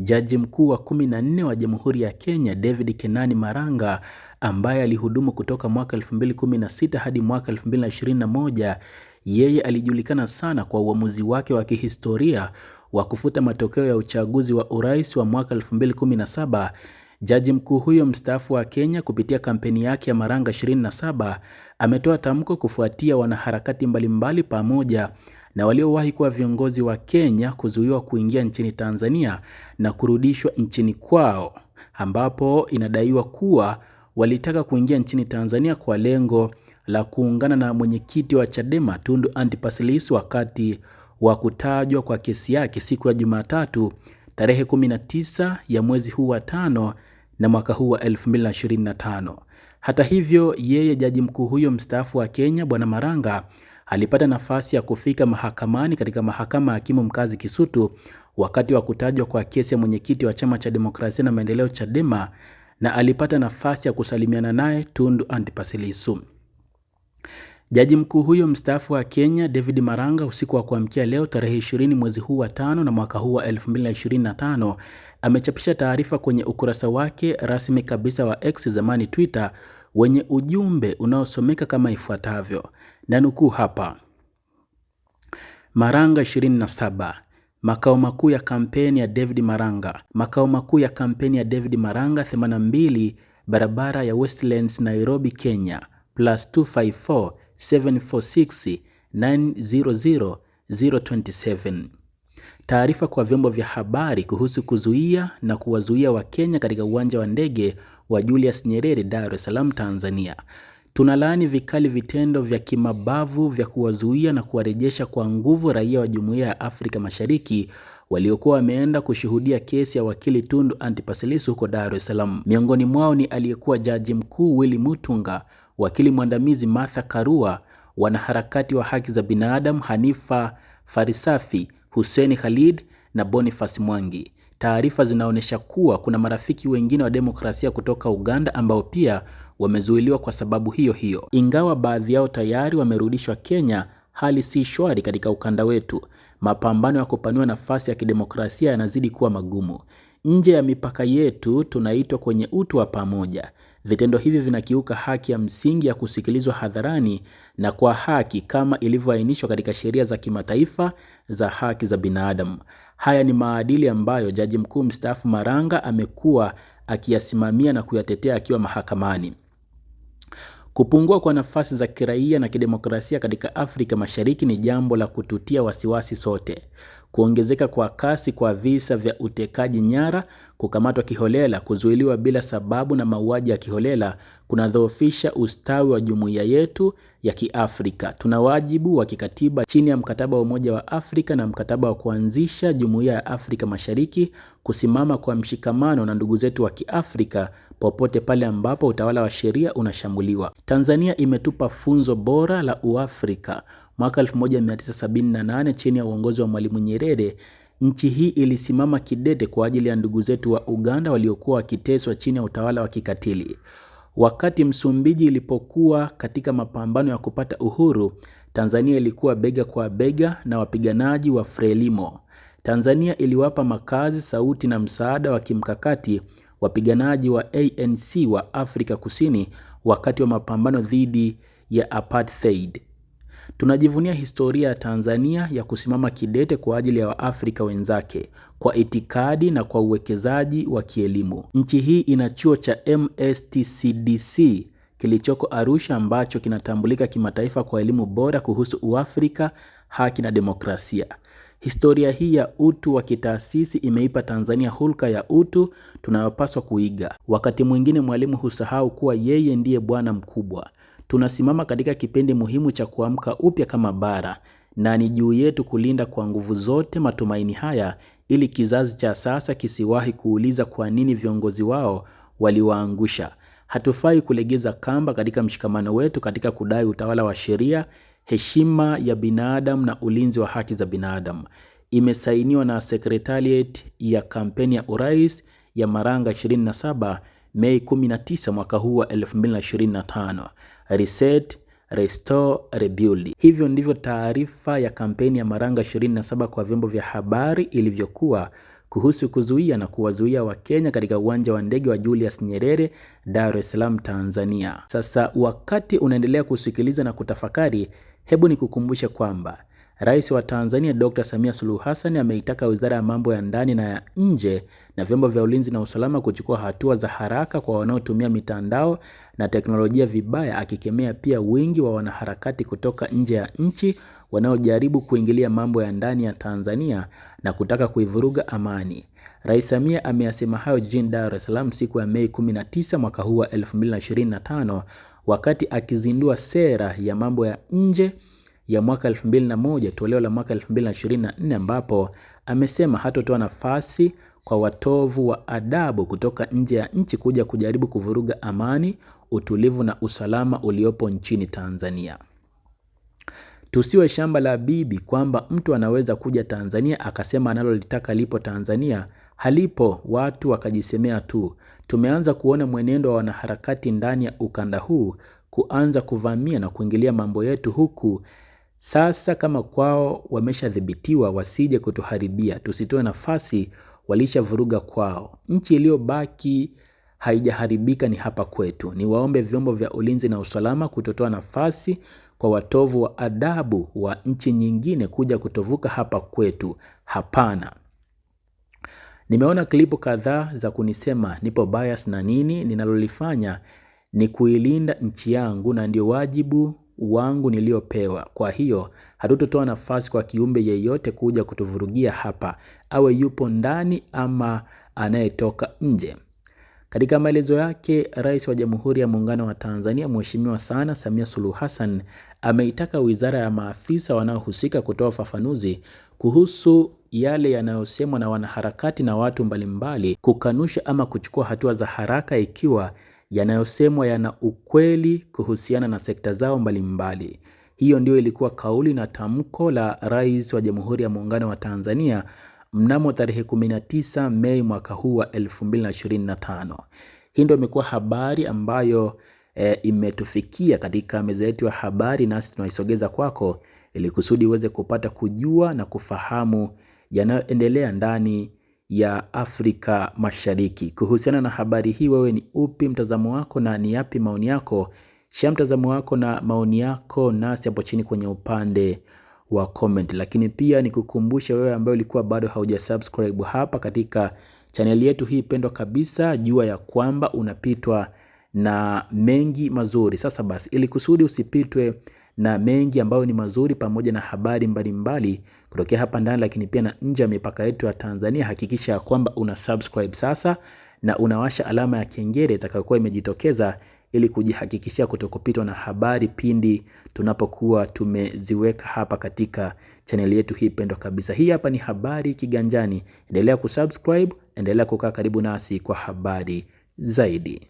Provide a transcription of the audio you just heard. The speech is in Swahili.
Jaji mkuu wa 14 wa Jamhuri ya Kenya David Kenani Maranga ambaye alihudumu kutoka mwaka 2016 hadi mwaka 2021, yeye alijulikana sana kwa uamuzi wake wa kihistoria wa kufuta matokeo ya uchaguzi wa urais wa mwaka 2017. Jaji mkuu huyo mstaafu wa Kenya kupitia kampeni yake ya Maranga 27 ametoa tamko kufuatia wanaharakati mbalimbali pamoja na waliowahi kuwa viongozi wa Kenya kuzuiwa kuingia nchini Tanzania na kurudishwa nchini kwao, ambapo inadaiwa kuwa walitaka kuingia nchini Tanzania kwa lengo la kuungana na mwenyekiti wa Chadema Tundu Antipas Lissu wakati wa kutajwa kwa kesi yake siku ya Jumatatu tarehe 19 ya mwezi huu wa tano na mwaka huu wa 2025. Hata hivyo, yeye jaji mkuu huyo mstaafu wa Kenya Bwana Maranga alipata nafasi ya kufika mahakamani katika mahakama ya hakimu mkazi Kisutu wakati wa kutajwa kwa kesi ya mwenyekiti wa chama cha demokrasia na maendeleo Chadema, na alipata nafasi ya kusalimiana naye Tundu Antipas Lissu. Jaji mkuu huyo mstaafu wa Kenya David Maranga usiku wa kuamkia leo tarehe 20 mwezi huu wa tano na mwaka huu wa 2025 amechapisha taarifa kwenye ukurasa wake rasmi kabisa wa X zamani Twitter wenye ujumbe unaosomeka kama ifuatavyo: na nukuu hapa: Maranga 27 makao makuu ya kampeni ya David Maranga, makao makuu ya kampeni ya David Maranga 82, barabara ya Westlands, Nairobi, Kenya, plus 254 746 900 027. Taarifa kwa vyombo vya habari kuhusu kuzuia na kuwazuia Wakenya katika uwanja wa ndege wa Julius Nyerere, Dar es Salaam, Tanzania. Tunalaani vikali vitendo vya kimabavu vya kuwazuia na kuwarejesha kwa nguvu raia wa Jumuiya ya Afrika Mashariki waliokuwa wameenda kushuhudia kesi ya wakili Tundu Antipas Lissu huko Dar es Salaam. Miongoni mwao ni aliyekuwa Jaji Mkuu Willy Mutunga, wakili mwandamizi Martha Karua, wanaharakati wa haki za binadamu Hanifa Farisafi, Hussein Khalid na Boniface Mwangi. Taarifa zinaonyesha kuwa kuna marafiki wengine wa demokrasia kutoka Uganda ambao pia wamezuiliwa kwa sababu hiyo hiyo. Ingawa baadhi yao tayari wamerudishwa Kenya, hali si shwari katika ukanda wetu. Mapambano ya kupaniwa nafasi ya kidemokrasia yanazidi kuwa magumu. Nje ya mipaka yetu, tunaitwa kwenye utu wa pamoja. Vitendo hivi vinakiuka haki ya msingi ya kusikilizwa hadharani na kwa haki kama ilivyoainishwa katika sheria za kimataifa za haki za binadamu. Haya ni maadili ambayo Jaji Mkuu mstaafu Maranga amekuwa akiyasimamia na kuyatetea akiwa mahakamani. Kupungua kwa nafasi za kiraia na kidemokrasia katika Afrika Mashariki ni jambo la kututia wasiwasi sote. Kuongezeka kwa kasi kwa visa vya utekaji nyara, kukamatwa kiholela, kuzuiliwa bila sababu na mauaji ya kiholela kunadhoofisha ustawi wa jumuiya yetu ya Kiafrika. Tuna wajibu wa kikatiba chini ya mkataba wa Umoja wa Afrika na mkataba wa kuanzisha Jumuiya ya Afrika Mashariki kusimama kwa mshikamano na ndugu zetu wa Kiafrika popote pale ambapo utawala wa sheria unashambuliwa. Tanzania imetupa funzo bora la Uafrika. Mwaka 1978 chini ya uongozi wa Mwalimu Nyerere, nchi hii ilisimama kidete kwa ajili ya ndugu zetu wa Uganda waliokuwa wakiteswa chini ya utawala wa kikatili. Wakati Msumbiji ilipokuwa katika mapambano ya kupata uhuru, Tanzania ilikuwa bega kwa bega na wapiganaji wa Frelimo. Tanzania iliwapa makazi, sauti na msaada wa kimkakati wapiganaji wa ANC wa Afrika Kusini wakati wa mapambano dhidi ya apartheid. Tunajivunia historia ya Tanzania ya kusimama kidete kwa ajili ya Waafrika wenzake kwa itikadi na kwa uwekezaji wa kielimu. Nchi hii ina chuo cha MSTCDC kilichoko Arusha ambacho kinatambulika kimataifa kwa elimu bora kuhusu Uafrika, haki na demokrasia. Historia hii ya utu wa kitaasisi imeipa Tanzania hulka ya utu tunayopaswa kuiga. Wakati mwingine mwalimu husahau kuwa yeye ndiye bwana mkubwa. Tunasimama katika kipindi muhimu cha kuamka upya kama bara, na ni juu yetu kulinda kwa nguvu zote matumaini haya ili kizazi cha sasa kisiwahi kuuliza kwa nini viongozi wao waliwaangusha. Hatufai kulegeza kamba katika mshikamano wetu katika kudai utawala wa sheria, heshima ya binadamu na ulinzi wa haki za binadamu. Imesainiwa na Secretariat ya kampeni ya urais ya Maranga 27 Mei 19 mwaka huu wa 2025. Reset, restore, rebuild. Hivyo ndivyo taarifa ya kampeni ya Maranga 27 kwa vyombo vya habari ilivyokuwa kuhusu kuzuia na kuwazuia Wakenya katika uwanja wa ndege wa Julius Nyerere, Dar es Salaam, Tanzania. Sasa wakati unaendelea kusikiliza na kutafakari, hebu nikukumbushe kwamba Rais wa Tanzania Dr. Samia Suluhu Hassan ameitaka Wizara ya Mambo ya Ndani na ya Nje na vyombo vya ulinzi na usalama kuchukua hatua za haraka kwa wanaotumia mitandao na teknolojia vibaya, akikemea pia wingi wa wanaharakati kutoka nje ya nchi wanaojaribu kuingilia mambo ya ndani ya Tanzania na kutaka kuivuruga amani. Rais Samia ameyasema hayo jijini Dar es Salaam siku ya Mei 19 mwaka huu wa 2025 wakati akizindua sera ya mambo ya nje ya mwaka 2001 toleo la mwaka 2024 ambapo amesema hatotoa nafasi kwa watovu wa adabu kutoka nje ya nchi kuja kujaribu kuvuruga amani, utulivu na usalama uliopo nchini Tanzania. Tusiwe shamba la bibi kwamba mtu anaweza kuja Tanzania akasema analolitaka lipo Tanzania, halipo, watu wakajisemea tu. Tumeanza kuona mwenendo wa wanaharakati ndani ya ukanda huu kuanza kuvamia na kuingilia mambo yetu huku sasa kama kwao wameshadhibitiwa, wasije kutuharibia, tusitoe nafasi, walishavuruga kwao. Nchi iliyobaki haijaharibika ni hapa kwetu. Niwaombe vyombo vya ulinzi na usalama kutotoa nafasi kwa watovu wa adabu wa nchi nyingine kuja kutovuka hapa kwetu. Hapana. Nimeona klipu kadhaa za kunisema nipo bias na nini. Ninalolifanya ni kuilinda nchi yangu, na ndio wajibu wangu niliopewa. Kwa hiyo, hatutotoa nafasi kwa kiumbe yeyote kuja kutuvurugia hapa, awe yupo ndani ama anayetoka nje. Katika maelezo yake, Rais wa Jamhuri ya Muungano wa Tanzania Mheshimiwa sana Samia Suluhu Hassan ameitaka wizara ya maafisa wanaohusika kutoa ufafanuzi kuhusu yale yanayosemwa na wanaharakati na watu mbalimbali kukanusha ama kuchukua hatua za haraka ikiwa yanayosemwa yana ukweli kuhusiana na sekta zao mbalimbali mbali. Hiyo ndio ilikuwa kauli na tamko la Rais wa Jamhuri ya Muungano wa Tanzania mnamo tarehe 19 Mei mwaka huu wa 2025. Hii ndio imekuwa habari ambayo e, imetufikia katika meza yetu ya habari, nasi tunaisogeza kwako ili kusudi uweze kupata kujua na kufahamu yanayoendelea ndani ya Afrika Mashariki. Kuhusiana na habari hii, wewe ni upi mtazamo wako na ni yapi maoni yako? Shia mtazamo wako na maoni yako nasi hapo chini kwenye upande wa comment, lakini pia nikukumbusha wewe ambaye ulikuwa bado haujasubscribe hapa katika chaneli yetu hii pendwa kabisa, jua ya kwamba unapitwa na mengi mazuri. Sasa basi, ili kusudi usipitwe na mengi ambayo ni mazuri pamoja na habari mbalimbali kutokea hapa ndani lakini pia na nje ya mipaka yetu ya Tanzania. Hakikisha ya kwamba una subscribe sasa na unawasha alama ya kengele itakayokuwa imejitokeza ili kujihakikishia kutokupitwa na habari pindi tunapokuwa tumeziweka hapa katika chaneli yetu hii pendwa kabisa. Hii hapa ni Habari Kiganjani. Endelea kusubscribe, endelea kukaa karibu nasi kwa habari zaidi.